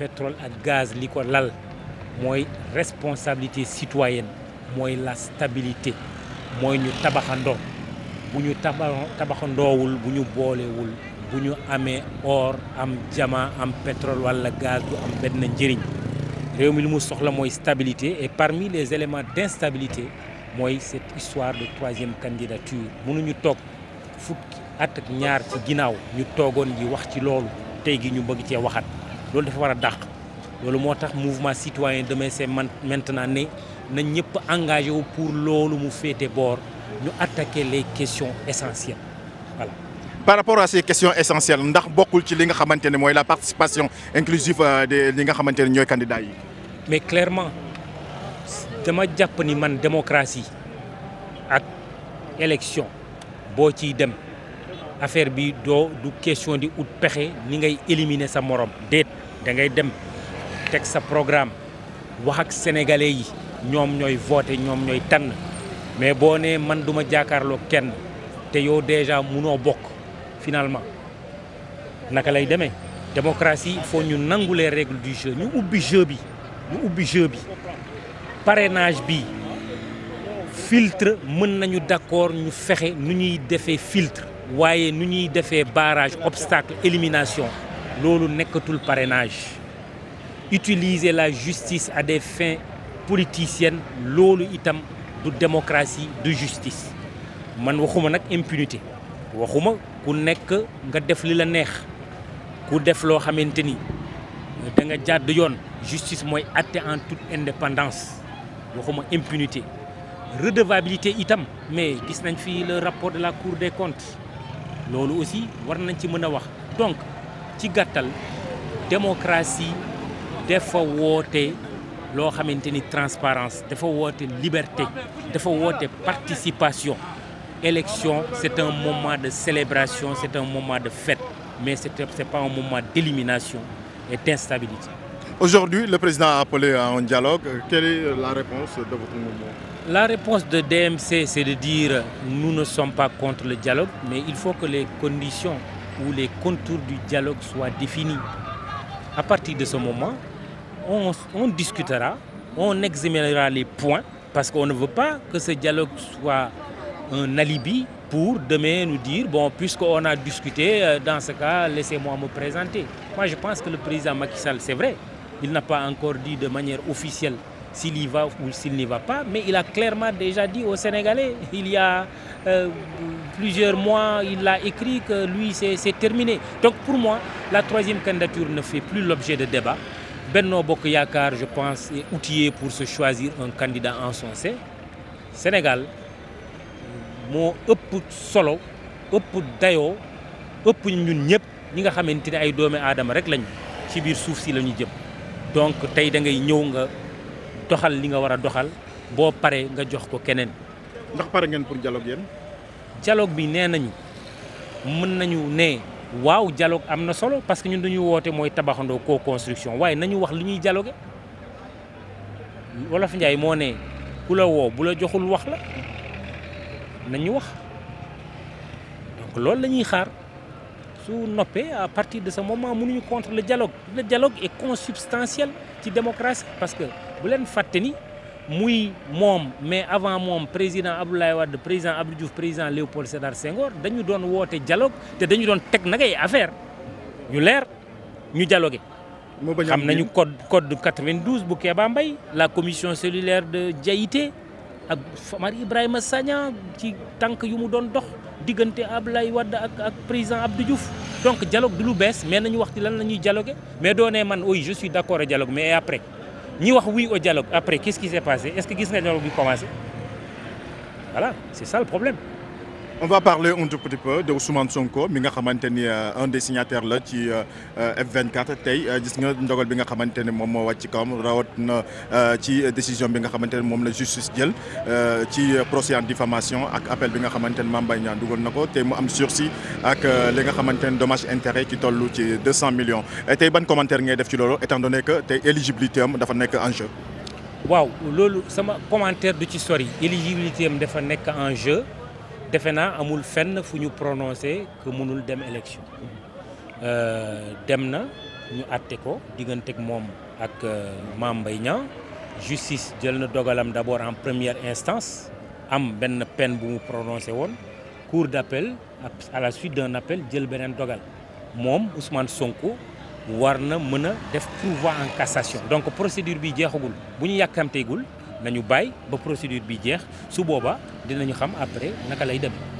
pétrole ak gaz li ko lal mooy responsabilité citoyenne mooy la stabilité mooy ñu tabaxandoo bu ñu taba tabaxandoowul bu ñu boolewul bu ñu amee or am diamant am pétrole wala gaz du am benn njëriñ réew mi li mu soxla mooy stabilité et parmi les éléments d'instabilité mooy cette histoire de troisième candidature mënuñu toog fukki at ak ñaar ci ginnaaw ñu toogoon ji wax ci loolu tey gi ñu bëgg cee waxaat loolu dafa war a dàq loolu moo tax mouvement citoyen demain c'est maintenant ne nañ ñëpp engagé wu pour loolu mu feete boor ñu attaquer les questions essentielles voilà. par rapport à ces questions essentielles ndax bokkul ci li nga xamante ne mooy la participation inclusive euh, de li nga xamante ne ñooy candidats yi. mais clairement dama jàpp ni man démocratie ak élection boo ci dem affaire bi doo du question di ut pexe ni ngay éliminer sa morom déet. da ngay dem teg sa programme wax ak sénégalais yi ñoom ñooy voté ñoom ñooy tànn mais boo nee man duma ma jàkkaarloo kenn te yow déjà munoo bokk finalement naka lay demee démocratie il faut ñu nangu les règles du jeu ñu ubbi jeu bi ñu bi parrainage bi filtre mën nañu d'accord ñu fexe nu ñuy defee filtre waaye nu ñuy defee barage obstacle élimination loolu nekkatul parrainage utiliser la justice à des fins politiciennes loolu itam du démocratie du justice man waxuma nag impunité waxuma ku nekk nga def li la neex ku def loo xamante ni da nga jàdd yoon justice mooy atte en toute indépendance waxuma impunité redevabilité itam mais gis nañ fi le rapport de la cour des comptes loolu aussi war nañ ci mën a wax donc ci gàttal démocratie dafa woote loo xamante ni transparence dafa woote liberté dafa woote participation élection c'est un moment de célébration c'est un moment de fête mais c'est c'est pas un moment d'élimination et d'instabilité Aujourd'hui, le président a appelé à un dialogue. Quelle est la réponse de votre mouvement La réponse de DMC, c'est de dire nous ne sommes pas contre le dialogue, mais il faut que les conditions où les contours du dialogue soient définis. À partir de ce moment, on, on discutera, on examinera les points, parce qu'on ne veut pas que ce dialogue soit un alibi pour demain nous dire, bon, puisqu'on a discuté, euh, dans ce cas, laissez-moi me présenter. Moi, je pense que le président Macky Sall, c'est vrai, il n'a pas encore dit de manière officielle s'il y va ou s'il n'y va pas, mais il a clairement déjà dit aux Sénégalais, il y a euh, plusieurs mois, il a écrit que lui, c'est terminé. Donc pour moi, la troisième candidature ne fait plus l'objet de débat. Benno yaakaar je pense, est pour se choisir un candidat en son sein. Sénégal, moo ëpp solo ëpp dayo ëpp ñun ñëpp ñi nga xamante ne ay doomi aadama rek lañ ci biir suuf si la ñu jëm donc tey da ngay ñëw nga doxal li nga war a doxal boo paree nga jox ko keneen ndax pare ngeen pour dialogue yéen. dialogue bii nee nañu mën nañu ne waaw dialogue am na solo parce que ñun dañu wootee mooy tabaxandoo co construction waaye nañu wax li ñuy dialogue wolof Njaay moo ne ku la woo bu la joxul wax la nañu wax donc loolu la ñuy xaar su noppee à partir de ce moment munuñu contre le dialogue le dialogue est consubstantiel ci démocratie parce que bu leen fàtte ni. muy moom mais avant moom président Abdoulaye Wade président Abdou Diouf président Léopold Sédar Senghor dañu doon woote dialogue te dañu doon teg nag ay affaire ñu leer ñu dialogué. am nañu code code 92 bu Kéba Mbaye la commission cellulaire de Diaïté ak Famar Ibrahima saña ci tànk yu mu doon dox diggante Abdoulaye Wade ak ak président Abdou Diouf. donc dialogue du lu bees mais nañu wax ci lan la ñuy dialogué mais doonee man oui je suis d'accord dialogue mais après. ñi wax oui au dialogue après qu'est-ce qui s'est passé est-ce que gis nga dialogue bi commencé voilà c'est ça le problème on va parler un tout petit peu de mi nga xamante ni euh, un des la ci euh, f tey euh, gis nga ndogal bi nga xamante ne moom moo wàcc ci kawam rawat na ci décision bi nga xamante ne moom la justice jël ci procès en diffamation ak appel bi nga xamante ne Mame Mbaye Niang dugal na ko tey mu am sursis ak li nga xamante ne dommage intérêt ci toll ci 200 millions tey ban commentaire ngay def ci loolu étant donné que tey éligibilité am dafa nekk en waaw loolu sama commentaire du ci sori dafa nekk en defe naa amul fenn fu ñu prononcé que mënul dem élection euh, dem na ñu àtte ko digganteeg moom ak euh, Mame Mbaye Niang justice jël na dogalam d'abord en première instance am benn peine bu mu prononcé woon cour d'appel à la suite d'un appel jël beneen dogal moom Ousmane Sonko war na mën a def pourvoi en cassation donc procédure bi jeexagul bu ñu yàkkamteegul nañu bàyyi ba procédure bi jeex su booba dinañu xam après naka lay dem